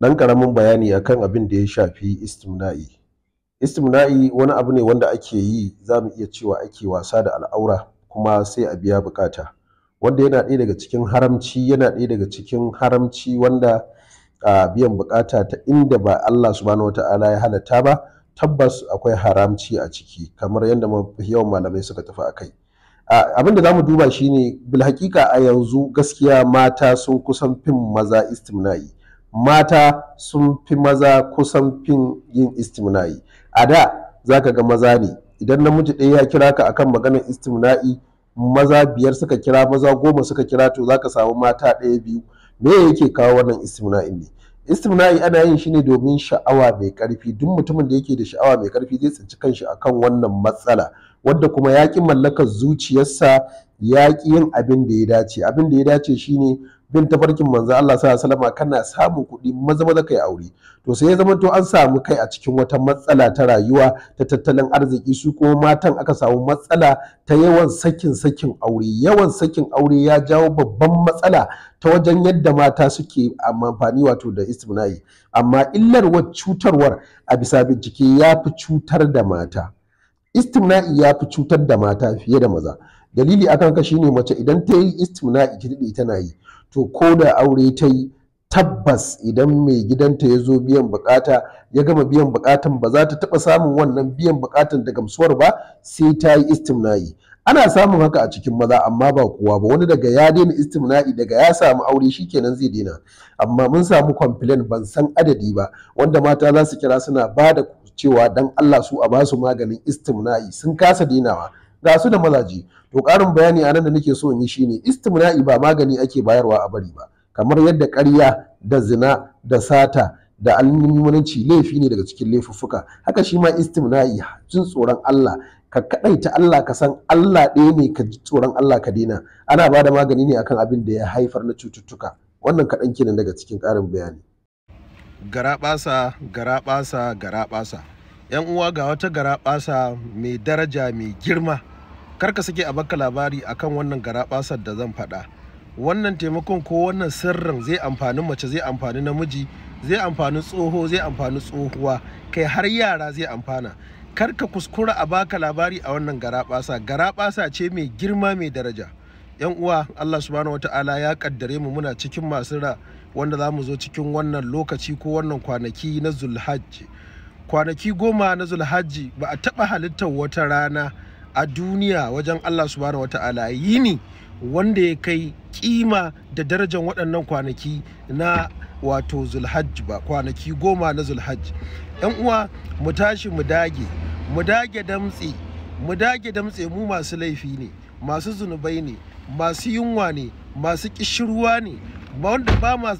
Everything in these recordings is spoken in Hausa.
ɗan karamin bayani akan abin da ya shafi istimna'i istimna'i wani abu ne wanda ake yi za mu iya cewa ake wasa da al'aura kuma sai a biya bukata wanda yana ɗaya daga cikin haramci yana ɗaya daga cikin haramci wanda a biyan bukata ta inda ba Allah subhanahu wata'ala ya halatta ba tabbas akwai haramci a ciki kamar yadda yawan malamai suka tafi a kai abinda za mu duba shine bil a yanzu gaskiya mata sun kusan fim maza istimna'i mata sun fi maza kusan fin yin istimna'i a da za ka ga maza ne idan namiji ɗaya ya kira ka akan maganar istimna'i maza biyar suka kira maza goma suka kira to za ka samu mata ɗaya biyu me yake kawo wannan istimna'in ne istimna'i ana yin shi ne domin sha'awa mai karfi duk mutumin da yake da sha'awa mai karfi zai tsinci kanshi akan wannan matsala wadda kuma yakin mallakar zuciyarsa yaƙi yin abin da ya dace abin da ya dace shine bin tafarkin manzo Allah sallallahu alaihi kana samun kuɗi maza maza kai aure to sai ya zama to an samu kai a cikin wata matsala ta rayuwa ta tattalin arziki su kuma matan aka samu matsala ta yawan sakin sakin aure yawan sakin aure ya jawo babban matsala ta wajen yadda mata suke amfani wato da istimna'i amma illar cutarwar a bisa bincike ya fi cutar da mata istimna'i ya fi cutar da mata fiye da maza dalili akan ka shine mace idan ta yi istimna'i ta tana yi to ko da aure ta yi tabbas idan mai gidanta ya zo biyan bukata ya gama biyan bukatan ba za ta taɓa samun wannan biyan bukatan da gamsuwar ba sai ta yi istimna'i ana samun haka a cikin maza amma ba kowa ba wani daga ya daina istimna'i daga ya samu aure shikenan zai daina amma mun samu complain ban san adadi ba wanda mata za su kira suna bada da cewa dan Allah su a basu maganin istimna'i sun kasa dinawa ga su da mazaje to karin bayani a nan da nake so in yi shine istimna'i ba magani ake bayarwa a bari ba kamar yadda ƙarya da zina da sata da almumunanci laifi ne daga cikin laifuffuka haka shi ma istimna'i jin tsoron Allah ka kadaita Allah ka san Allah ɗaya ne ka ji tsoron Allah ka daina ana bada magani ne akan abin da ya haifar na cututtuka wannan kaɗan kenan daga cikin ƙarin bayani garaɓasa garaɓasa garaɓasa yan uwa ga wata garaɓasa mai daraja mai girma karka sake a baka labari akan wannan garaɓasar da zan faɗa wannan taimakon ko wannan sirrin zai amfani mace zai amfani namiji zai amfani tsoho zai amfani tsohuwa kai har yara zai amfana karka kuskura a baka labari a wannan garaɓasa garaɓasa ce mai girma mai daraja yan uwa Allah subhanahu wata'ala ya kaddare mu muna cikin masu ra wanda za mu zo cikin wannan lokaci ko wannan kwanaki na zulhajji kwanaki goma na zulhajji ba a taɓa halittar wata rana a duniya wajen Allah subhanahu wata'ala ni wanda ya kai kima da darajar waɗannan kwanaki na wato zulhajji ba kwanaki goma na zulhajji yan uwa mu tashi mu dage mu dage damtse mu dage damtse mu masu laifi ne masu zunubai ne masu yunwa ne masu kishirwa ne wanda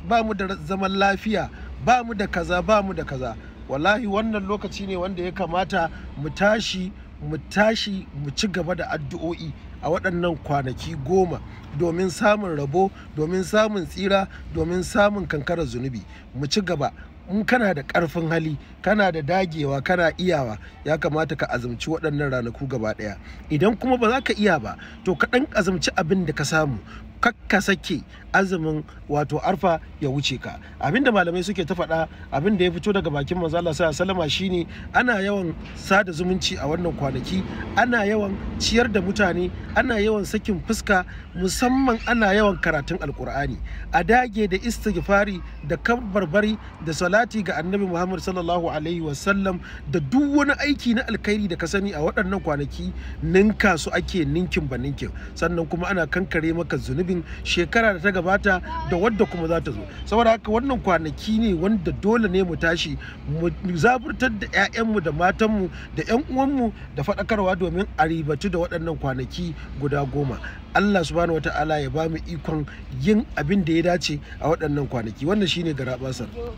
ba mu da zaman lafiya ba mu da kaza ba mu da kaza wallahi wannan lokaci ne wanda ya kamata mu tashi mu tashi mu ci gaba da addu'o'i a waɗannan kwanaki goma domin samun rabo domin samun tsira domin samun kankarar zunubi mu ci gaba in kana da ƙarfin hali kana da dagewa kana iyawa ya kamata ka azumci waɗannan ranaku gaba ɗaya idan kuma ba za ka iya ba to ka ɗan azumci abin da ka samu kakka sake azumin wato arfa ya wuce ka abinda malamai suke ta faɗa abinda ya fito daga bakin manzo Allah sallama shine ana yawan sada zumunci a wannan kwanaki ana yawan ciyar da mutane ana yawan sakin fuska musamman ana yawan karatun alkur'ani a dage da istighfari da kabbarbari da salati ga annabi Muhammad sallallahu alaihi wasallam da duk wani aiki na alkhairi da ka sani a waɗannan kwanaki ninka su ake ninkin ba ninkin sannan kuma ana kankare maka zunubi nufin shekara da ta gabata da wadda kuma za ta zo saboda haka wannan kwanaki ne wanda dole ne mu tashi mu zaburtar da 'ya'yanmu da matanmu da 'yan uwanmu da faɗakarwa domin a ribatu da waɗannan kwanaki guda goma Allah subhanahu wata'ala ya ba mu ikon yin abin da ya dace a waɗannan kwanaki wannan shine Garaɓasar.